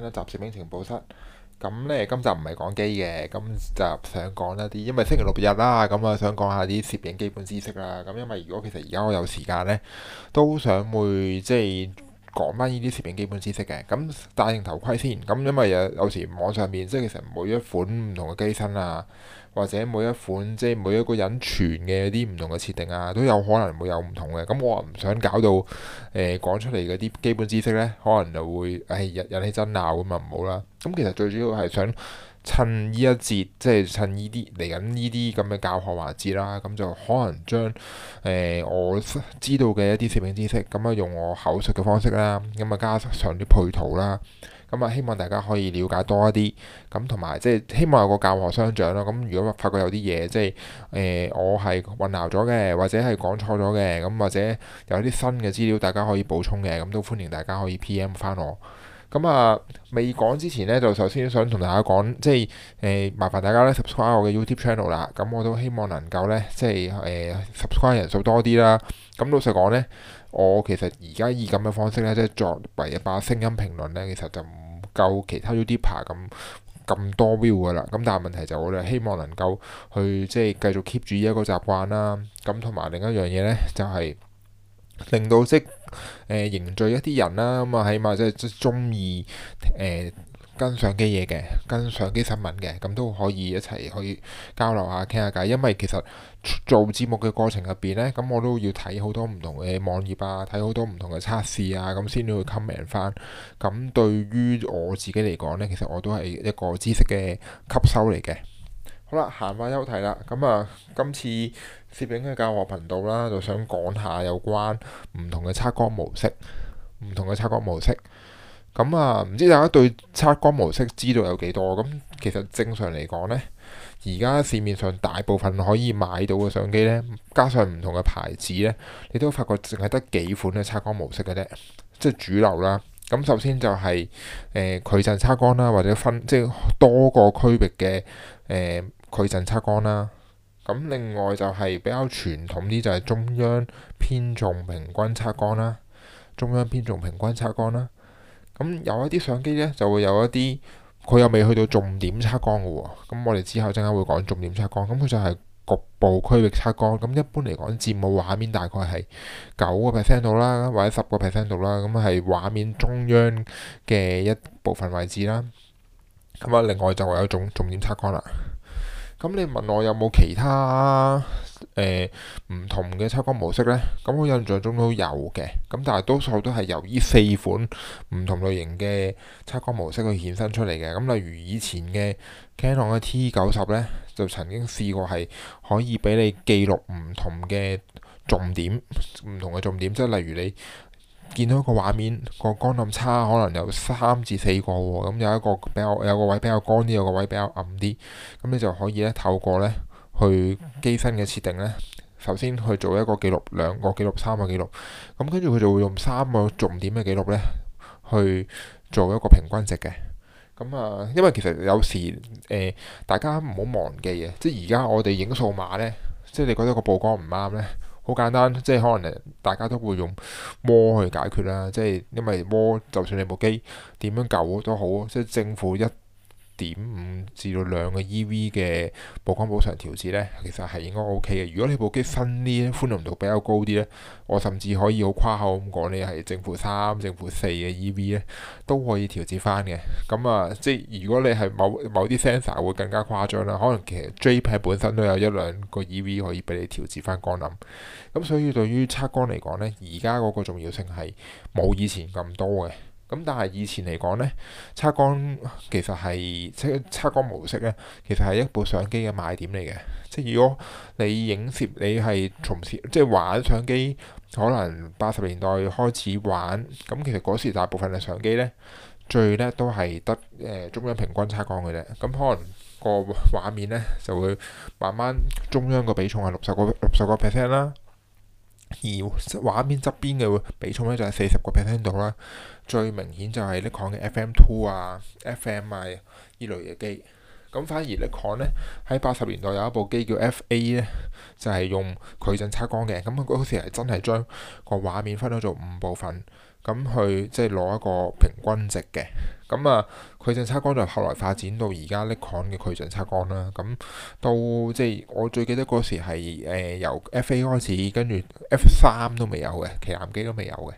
今集攝影情報室，咁呢，今集唔係講機嘅，咁就想講一啲，因為星期六日啦，咁啊想講下啲攝影基本知識啦。咁因為如果其實而家我有時間呢，都想會即係講翻呢啲攝影基本知識嘅。咁戴定頭盔先。咁因為有有時網上面即係其實每一款唔同嘅機身啊。或者每一款即係每一個人存嘅啲唔同嘅設定啊，都有可能會有唔同嘅。咁我啊唔想搞到誒、呃、講出嚟嗰啲基本知識呢，可能就會誒引起爭拗，咁啊唔好啦。咁其實最主要係想趁呢一節即係趁呢啲嚟緊呢啲咁嘅教學環節啦，咁就可能將誒、呃、我知道嘅一啲攝影知識咁啊用我口述嘅方式啦，咁啊加上啲配圖啦。咁啊、嗯，希望大家可以了解多一啲，咁同埋即係希望有個教學相長咯。咁、嗯、如果發覺有啲嘢即係誒、呃、我係混淆咗嘅，或者係講錯咗嘅，咁、嗯、或者有啲新嘅資料大家可以補充嘅，咁、嗯、都歡迎大家可以 PM 翻我。咁啊，未講之前呢，就首先想同大家講，即係誒、呃，麻煩大家咧 subscribe 我嘅 YouTube channel 啦。咁我都希望能夠咧，即係誒 subscribe 人數多啲啦。咁老實講呢，我其實而家以咁嘅方式咧，即係作為一把聲音評論咧，其實就唔夠其他 YouTuber 咁咁多 view 㗎啦。咁但係問題就我哋希望能夠去即係繼續 keep 住呢一個習慣啦。咁同埋另一樣嘢咧，就係、是。令到即誒、呃、凝聚一啲人啦，咁啊起碼即即中意誒跟相機嘢嘅，跟相機新聞嘅，咁、嗯、都可以一齊去交流下，傾下偈。因為其實做節目嘅過程入邊咧，咁、嗯、我都要睇好多唔同嘅網頁啊，睇好多唔同嘅測試啊，咁、嗯、先至會 comment 翻。咁、嗯、對於我自己嚟講咧，其實我都係一個知識嘅吸收嚟嘅。好啦，閒話休提啦。咁、嗯、啊，今次攝影嘅教學頻道啦，就想講下有關唔同嘅測光模式，唔同嘅測光模式。咁、嗯、啊，唔、嗯、知大家對測光模式知道有幾多？咁、嗯、其實正常嚟講呢，而家市面上大部分可以買到嘅相機呢，加上唔同嘅牌子呢，你都發覺淨係得幾款嘅測光模式嘅啫，即係主流啦。咁、嗯、首先就係誒矩陣測光啦，或者分即係多個區域嘅誒，呃矩陣測光啦，咁另外就係比較傳統啲，就係中央偏重平均測光啦，中央偏重平均測光啦。咁有一啲相機呢，就會有一啲佢又未去到重點測光嘅喎，咁我哋之後陣間會講重點測光。咁佢就係局部區域測光。咁一般嚟講，佔嘅畫面大概係九個 percent 度啦，或者十個 percent 度啦，咁係畫面中央嘅一部分位置啦。咁啊，另外就會有一種重點測光啦。咁你問我有冇其他誒唔同嘅測光模式呢？咁我印象中都有嘅。咁但係多數都係由呢四款唔同類型嘅測光模式去衍生出嚟嘅。咁例如以前嘅 Canon 嘅 T 九十呢，就曾經試過係可以俾你記錄唔同嘅重點，唔同嘅重點，即係例如你見到一個畫面個光暗差可能有三至四個喎，咁、嗯、有一個比較有個位比較光啲，有個位比較暗啲，咁、嗯、你就可以咧透過咧去機身嘅設定咧，首先去做一個記錄兩個記錄三個記錄，咁跟住佢就會用三個重點嘅記錄咧去做一個平均值嘅。咁、嗯、啊，因為其實有時誒、呃、大家唔好忘記嘅，即係而家我哋影數碼咧，即係你覺得個曝光唔啱咧。好簡單，即係可能大家都會用窩去解決啦，即係因為窩，就算你部機點樣舊都好，即係政府一點五至到兩個 EV 嘅曝光補償調節咧，其實係應該 OK 嘅。如果你部機新啲，寬容度比較高啲咧，我甚至可以好誇口咁講，你係正負三、正負四嘅 EV 咧，都可以調節翻嘅。咁啊，即係如果你係某某啲 sensor 會更加誇張啦，可能其實 JPEG 本身都有一兩個 EV 可以俾你調節翻光臨。咁所以對於測光嚟講咧，而家嗰個重要性係冇以前咁多嘅。咁但係以前嚟講咧，測光其實係即係測光模式咧，其實係一部相機嘅賣點嚟嘅。即係如果你影攝，你係從事即係玩相機，可能八十年代開始玩，咁其實嗰時大部分嘅相機咧，最叻都係得誒中央平均測光嘅啫。咁可能個畫面咧就會慢慢中央個比重係六十個六十個 percent 啦。而畫面側邊嘅比重咧就係四十個 percent 度啦，最明顯就係 Nikon 嘅 FM Two 啊、FM 啊呢類嘅機，咁反而 Nikon 咧喺八十年代有一部機叫 FA 咧，就係、是、用佢陣測光嘅，咁佢嗰時係真係將個畫面分咗做五部分。咁去即係攞一個平均值嘅，咁啊，矩陣測光就後來發展到而家 Nikon 嘅矩陣測光啦。咁到即係我最記得嗰時係、呃、由 F A 開始，跟住 F 三都未有嘅，旗艦機都未有嘅。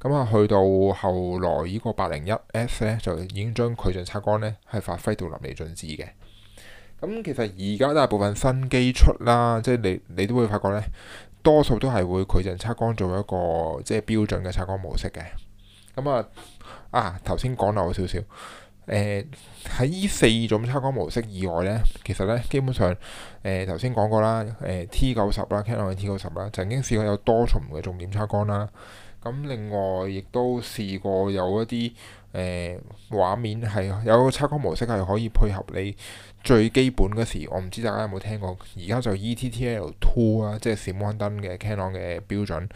咁啊，去到後來個呢個八零一 S 咧，就已經將矩陣測光咧係發揮到淋漓盡致嘅。咁其實而家都大部分新機出啦，即係你你都會發覺咧。多數都係會矩陣測光做一個即係標準嘅測光模式嘅，咁啊，啊，頭先講漏少少，誒喺呢四種測光模式以外呢，其實呢基本上誒頭先講過啦，誒、呃、T 九十啦，Canon T 九十啦，曾經試過有多重嘅重點測光啦。咁另外，亦都試過有一啲誒、呃、畫面係有個測光模式係可以配合你最基本嗰時，我唔知大家有冇聽過。而家就 E-TTL Two 啊，即係閃光燈嘅 Canon 嘅標準。咁、啊、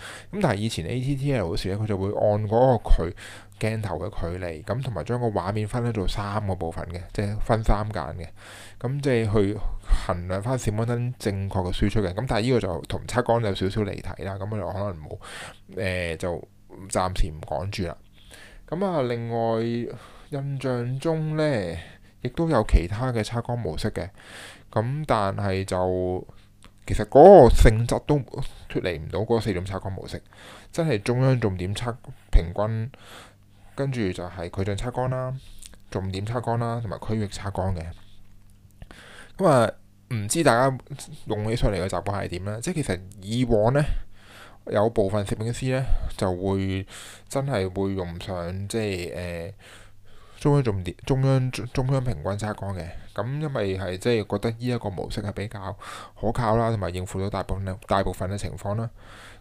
但係以前 A-TTL 嗰時咧，佢就會按嗰個佢。鏡頭嘅距離，咁同埋將個畫面分開做三個部分嘅，即係分三間嘅，咁即係去衡量翻閃光燈正確嘅輸出嘅。咁但係呢個就同測光有少少離題啦，咁我可能冇誒、呃，就暫時唔講住啦。咁啊，另外印象中呢，亦都有其他嘅測光模式嘅，咁但係就其實嗰個性質都脫離唔到嗰、那個、四點測光模式，真係中央重點測平均。跟住就係佢就測光啦，重點測光啦，同埋區域測光嘅。咁、嗯、啊，唔知大家用起上嚟嘅習慣係點呢？即係其實以往呢，有部分攝影師呢，就會真係會用上即係誒。呃中央重點、中央中央，中央平均測光嘅咁，因為係即係覺得依一個模式係比較可靠啦，同埋應付到大部分大部分嘅情況啦。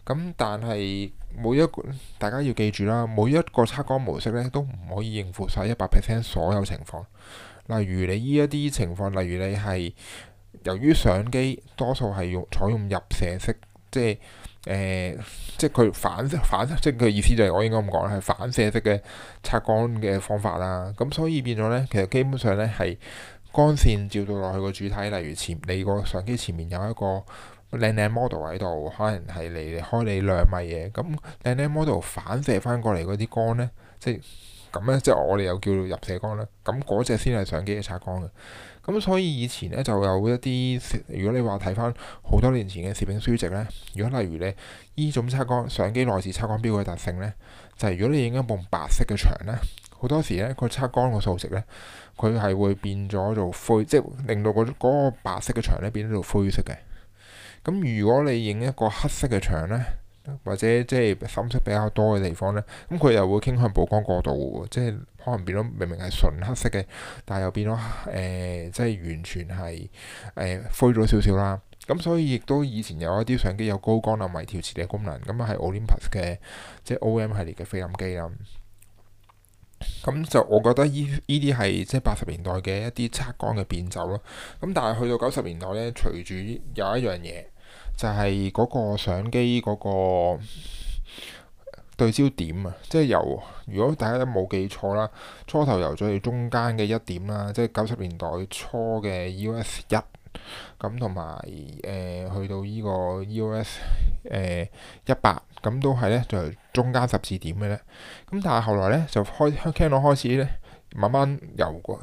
咁但係每一個大家要記住啦，每一個測光模式咧都唔可以應付晒一百 percent 所有情況，例如你依一啲情況，例如你係由於相機多數係用採用入射式，即係。誒、呃，即係佢反反，即係佢意思就係我應該咁講啦，係反射式嘅測光嘅方法啦。咁所以變咗呢，其實基本上呢，係光線照到落去個主體，例如前你個相機前面有一個靚靚 model 喺度，可能係離開你兩米嘅，咁靚靚 model 反射翻過嚟嗰啲光呢，即咁咧，即係我哋又叫入射光啦。咁嗰隻先係相機嘅測光嘅。咁所以以前咧就有一啲，如果你話睇翻好多年前嘅攝影書籍咧，如果例如咧呢種測光相機內置測光錶嘅特性咧，就係、是、如果你影一埲白色嘅牆咧，好多時咧個測光個數值咧，佢係會變咗做灰，即係令到嗰個白色嘅牆咧變咗做灰色嘅。咁如果你影一個黑色嘅牆咧？或者即係深色比較多嘅地方呢，咁佢又會傾向曝光過度喎，即係可能變咗明明係純黑色嘅，但係又變咗誒、呃，即係完全係誒、呃、灰咗少少啦。咁所以亦都以前有一啲相機有高光暗微調磁嘅功能，咁啊係 Olympus 嘅即係 OM 系列嘅菲林機啦。咁就我覺得呢依啲係即係八十年代嘅一啲測光嘅變奏咯。咁但係去到九十年代呢，隨住有一樣嘢。就係嗰個相機嗰個對焦點啊，即係由如果大家都冇記錯啦，初頭由最中間嘅一點啦，即係九十年代初嘅 EOS 一，咁同埋誒去到個、EOS，呃、100，呢個 EOS 誒一百，咁都係咧就中間十字點嘅咧。咁但係後來咧就開 Canon 開始咧，慢慢由個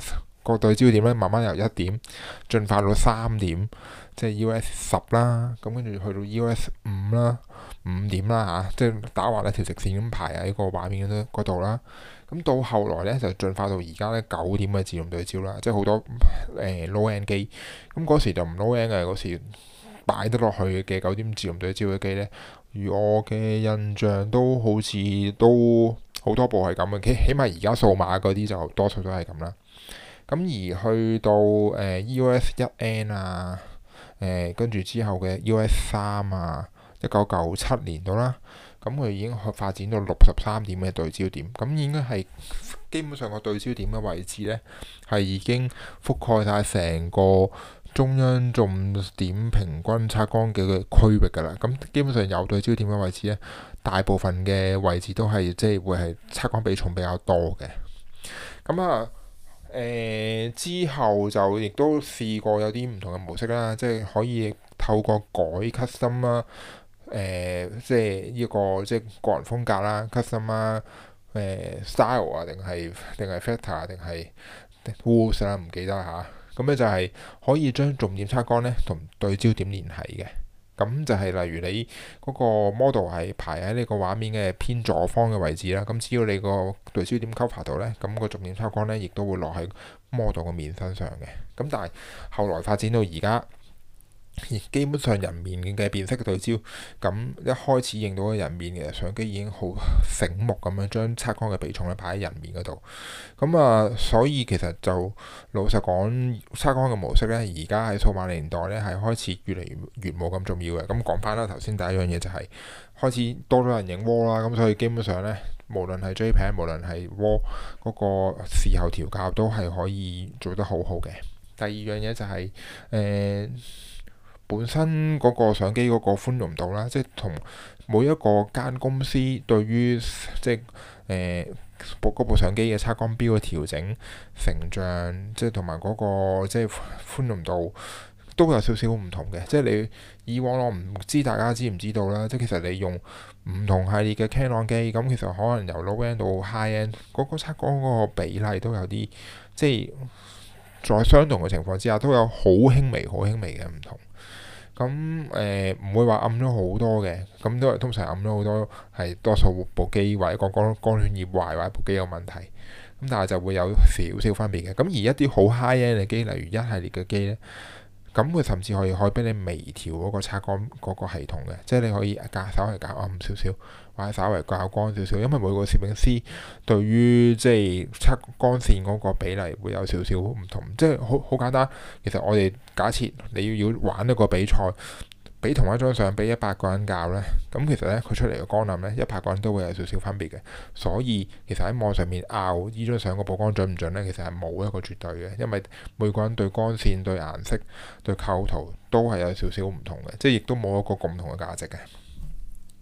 個對焦點咧，慢慢由一點進化到三點。即係 EOS 十啦，咁跟住去到 EOS、E、五啦，五點啦嚇、啊，即係打橫一條直線咁排喺個畫面嗰度啦。咁到後來咧就進化到而家咧九點嘅自動對焦啦，即係好多誒、呃、low end 機，機咁嗰時就唔 low end 嘅嗰時擺得落去嘅九點自動對焦嘅機咧，如我嘅印象都好似都好多部係咁嘅。佢起碼而家數碼嗰啲就多數都係咁啦。咁而去到誒 EOS 一 N 啊～誒，跟住之後嘅 U.S. 三啊，一九九七年到啦，咁佢已經發展到六十三點嘅對焦點，咁應該係基本上個對焦點嘅位置呢，係已經覆蓋晒成個中央重點平均測光嘅區域㗎啦。咁基本上有對焦點嘅位置呢，大部分嘅位置都係即係會係測光比重比較多嘅。咁啊～誒、呃、之後就亦都試過有啲唔同嘅模式啦，即係可以透過改 custom、呃、啦，誒即係呢、這個即係個人風格啦，custom 啦，誒、啊呃、style 啊，定係定係 factor 定係，係 wolves 啦，唔記得嚇。咁咧、啊、就係可以將重點測光咧同對焦點連係嘅。咁就係例如你個 model 係排喺呢個畫面嘅偏左方嘅位置啦，咁只要你個對焦點 cover 度咧，咁個重點測光咧，亦都會落喺 model 個面身上嘅。咁但係後來發展到而家。基本上人面嘅辨識嘅對焦，咁一開始影到嘅人面嘅相機已經好醒目咁樣，將測光嘅比重咧擺喺人面嗰度。咁啊，所以其實就老實講，測光嘅模式咧，而家喺數碼年代咧係開始越嚟越冇咁重要嘅。咁講返啦，頭先第一樣嘢就係、是、開始多咗人影 RAW 啦，咁所以基本上咧，無論係 JPEG，無論係 RAW 嗰個事後調校都係可以做得好好嘅。第二樣嘢就係、是、誒。欸本身嗰個相機嗰個寬容度啦，即係同每一個間公司對於即係誒部嗰部相機嘅測光錶嘅調整成像，即係同埋嗰個即係寬容度,度都有少少唔同嘅。即係你以往我唔知大家知唔知道啦，即係其實你用唔同系列嘅 Canon 機咁，其實可能由 low end 到 high end 嗰個測光嗰個比例都有啲，即係在相同嘅情況之下都有好輕微、好輕微嘅唔同。咁誒唔會話暗咗好多嘅，咁都係通常暗咗好多，係多數部機或者個光光圈葉壞或者部機有問題，咁但係就會有少少分別嘅。咁而一啲好 high end 嘅機，例如一系列嘅機咧，咁佢甚至可以可以俾你微調嗰個測光嗰個系統嘅，即係你可以減稍為減暗少少。稍微較光少少，因為每個攝影師對於即係測光線嗰個比例會有少少唔同，即係好好簡單。其實我哋假設你要要玩一個比賽，俾同一張相俾一百個人較咧，咁其實咧佢出嚟嘅光暗咧，一百個人都會有少少分別嘅。所以其實喺網上面拗呢張相個曝光準唔準咧，其實係冇一個絕對嘅，因為每個人對光線、對顏色、對構圖都係有少少唔同嘅，即係亦都冇一個共同嘅價值嘅。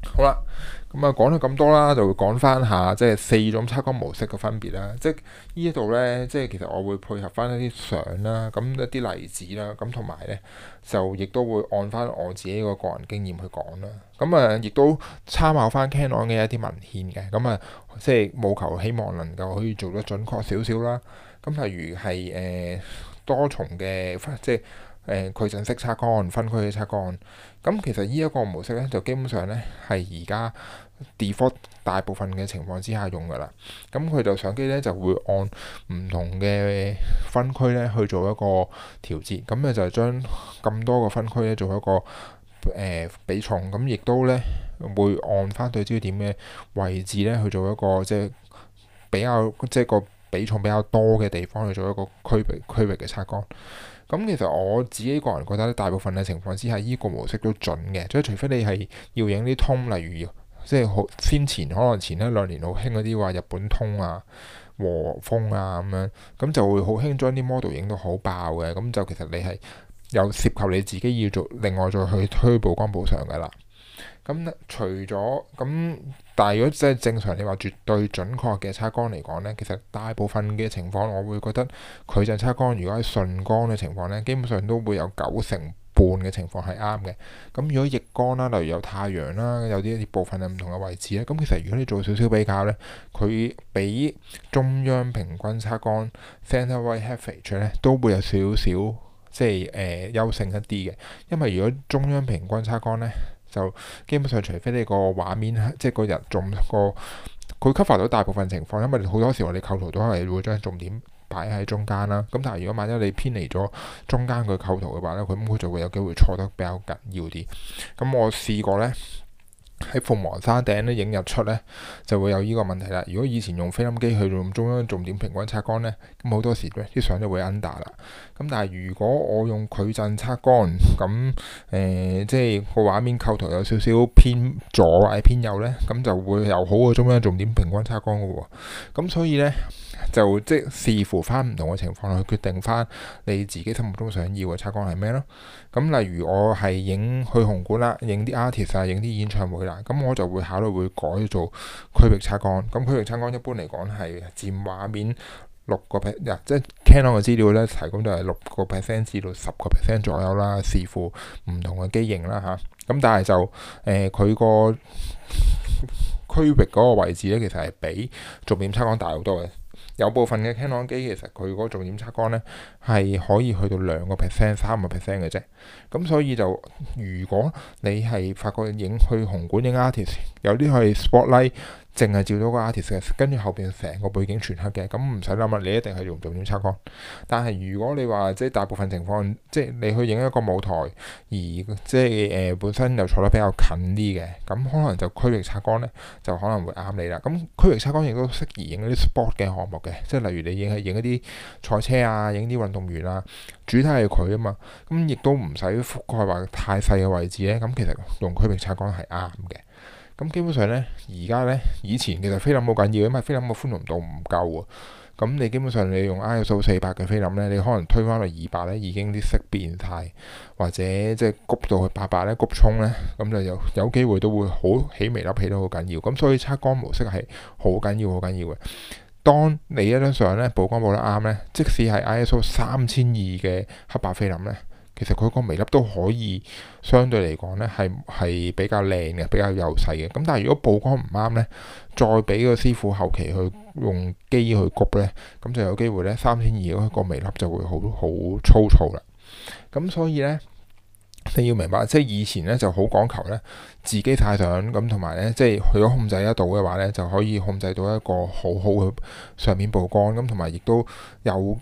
好啦，咁啊講咗咁多啦，就會講翻下即係四種測光模式嘅分別啦。即係呢度咧，即係其實我會配合翻一啲相啦，咁一啲例子啦，咁同埋咧就亦都會按翻我自己個個人經驗去講啦。咁、嗯、啊，亦、嗯、都參考翻 Canon 嘅一啲文獻嘅，咁、嗯、啊即係務求希望能夠可以做得準確少少啦。咁、嗯、例如係誒、呃、多重嘅，即係。誒矩陣式測光、分區嘅測光，咁、嗯、其實呢一個模式咧就基本上咧係而家 default 大部分嘅情況之下用㗎啦。咁、嗯、佢就相機咧就會按唔同嘅分區咧去做一個調節，咁、嗯、誒就係將咁多個分區咧做一個誒、呃、比重，咁、嗯、亦都咧會按翻對焦點嘅位置咧去做一個即係比較即係個。比重比較多嘅地方去做一個區域區域嘅測光，咁其實我自己個人覺得大部分嘅情況之下，依個模式都準嘅，即係除非你係要影啲通，例如即係好先前可能前一兩年好興嗰啲話日本通啊、和風啊咁樣，咁就會好興將啲 model 影到好爆嘅，咁就其實你係有涉及你自己要做另外再去推曝光補償嘅啦。咁除咗咁。但係如果即係正常，你話絕對準確嘅測光嚟講咧，其實大部分嘅情況，我會覺得佢陣測光，如果係順光嘅情況咧，基本上都會有九成半嘅情況係啱嘅。咁如果逆光啦、啊，例如有太陽啦、啊，有啲部分係唔同嘅位置咧，咁其實如果你做少少比較咧，佢比中央平均測光 centre weighted average 咧都會有少少即係誒、呃、優勝一啲嘅，因為如果中央平均測光咧。就基本上，除非你個畫面即係個人仲個，佢 cover 到大部分情況，因為好多時我哋構圖都係會將重點擺喺中間啦。咁但係如果萬一你偏離咗中間嘅構圖嘅話咧，咁佢就會有機會錯得比較緊要啲。咁我試過咧。喺鳳凰山頂咧影日出咧，就會有呢個問題啦。如果以前用菲林機去用中央重點平均測光咧，咁好多時啲相就會 under 啦。咁但係如果我用矩陣測光，咁誒、呃、即係個畫面構圖有少少偏左或者偏右咧，咁就會又好過中央重點平均測光嘅喎、哦。咁所以咧。就即係視乎翻唔同嘅情況啦，去決定翻你自己心目中想要嘅測光係咩咯。咁例如我係影去紅館啦，影啲 artist 啊，影啲演唱會啦，咁我就會考慮會改做區域測光。咁區域測光一般嚟講係佔畫面六個 percent，啊，即 Canon 嘅資料咧提供就係六個 percent 至到十個 percent 左右啦。視乎唔同嘅機型啦，吓，啊，咁但係就誒佢個區域嗰個位置咧，其實係比逐點測光大好多嘅。有部分嘅 Canon 機其實佢嗰個重點測光咧，係可以去到兩個 percent、三個 percent 嘅啫。咁所以就如果你係發覺影去紅館影 artist，有啲係 spotlight，淨係照到個 artist，跟住後邊成個背景全黑嘅，咁唔使諗啦，你一定係用重點測光。但係如果你話即係大部分情況，即係你去影一個舞台，而即係誒、呃、本身又坐得比較近啲嘅，咁可能就區域測光咧，就可能會啱你啦。咁區域測光亦都適宜影啲 sport 嘅項目嘅，即係例如你影去影一啲賽車啊，影啲運動員啊，主題係佢啊嘛，咁亦都唔唔使覆蓋，話太細嘅位置咧。咁其實用區域測光係啱嘅。咁基本上咧，而家咧，以前其實菲林好緊要，因為菲林嘅寬容度唔夠啊。咁你基本上你用 I S O 四百嘅菲林咧，你可能推翻嚟二百咧，已經啲色變曬，或者即係谷到去八百咧，谷沖咧，咁就有有機會都會好起微粒起得好緊要。咁所以測光模式係好緊要，好緊要嘅。當你一張相咧，曝光冇得啱咧，即使係 I S O 三千二嘅黑白菲林咧。其實佢個微粒都可以，相對嚟講咧係係比較靚嘅，比較幼細嘅。咁但係如果曝光唔啱咧，再俾個師傅後期去用機去谷咧，咁就有機會咧，三千二嗰個微粒就會好好粗糙啦。咁所以咧，你要明白，即係以前咧就好講求咧，自己太上，咁，同埋咧即係佢如果控制得到嘅話咧，就可以控制到一個好好嘅上面曝光咁，同埋亦都有。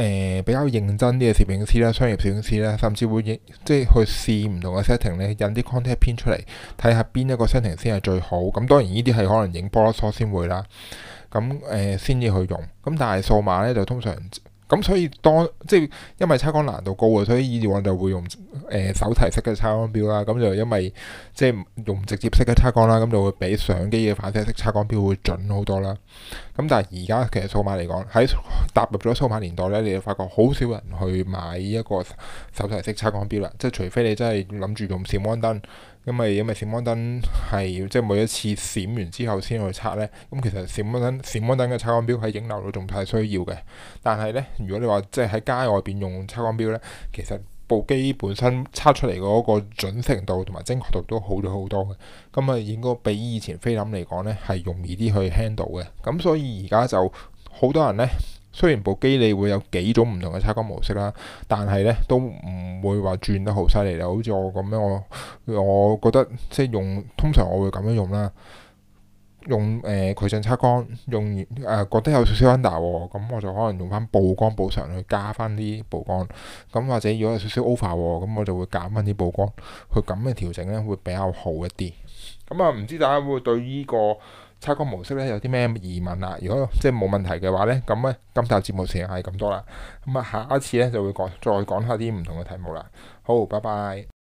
誒、呃、比較認真啲嘅攝影師啦，商業攝影師啦，甚至會影即係去試唔同嘅 setting 咧，印啲 contact 片出嚟睇下邊一個 setting 先係最好。咁、嗯、當然呢啲係可能影 professional 先會啦。咁誒先至去用。咁、嗯、但係數碼咧就通常咁、嗯，所以當即係因為測光難度高啊，所以以往就會用誒、呃、手提式嘅測光表啦。咁、嗯、就因為即係用直接式嘅測光啦，咁、嗯、就會比相機嘅反射式測光表會準好多啦。咁、嗯、但係而家其實數碼嚟講喺。踏入咗數碼年代咧，你就發覺好少人去買一個手提式測光表啦。即係除非你真係諗住用閃光燈，因為因為閃光燈係即係每一次閃完之後先去測咧。咁、嗯、其實閃光燈閃光燈嘅測光表喺影樓度仲太需要嘅。但係咧，如果你話即係喺街外邊用測光表咧，其實部機本身測出嚟嗰個準程度同埋精確度都好咗好多嘅。咁、嗯、啊，應該比以前菲林嚟講咧係容易啲去 handle 嘅。咁、嗯、所以而家就好多人咧。雖然部機你會有幾種唔同嘅測光模式啦，但係咧都唔會話轉得好犀利啦。好似我咁樣，我我覺得即係用通常我會咁樣用啦，用誒佢想測光，用誒、呃、覺得有少少 under 喎、哦，咁、嗯、我就可能用翻曝光補償去加翻啲曝光。咁、嗯、或者如果有少少 over 喎、哦，咁、嗯、我就會減翻啲曝光。佢咁嘅調整咧會比較好一啲。咁啊、嗯，唔、嗯、知大家會，會對呢個？測光模式咧有啲咩疑問啊？如果即係冇問題嘅話咧，咁咧今集節目時間係咁多啦。咁啊，下一次咧就會講再講一下啲唔同嘅題目啦。好，拜拜。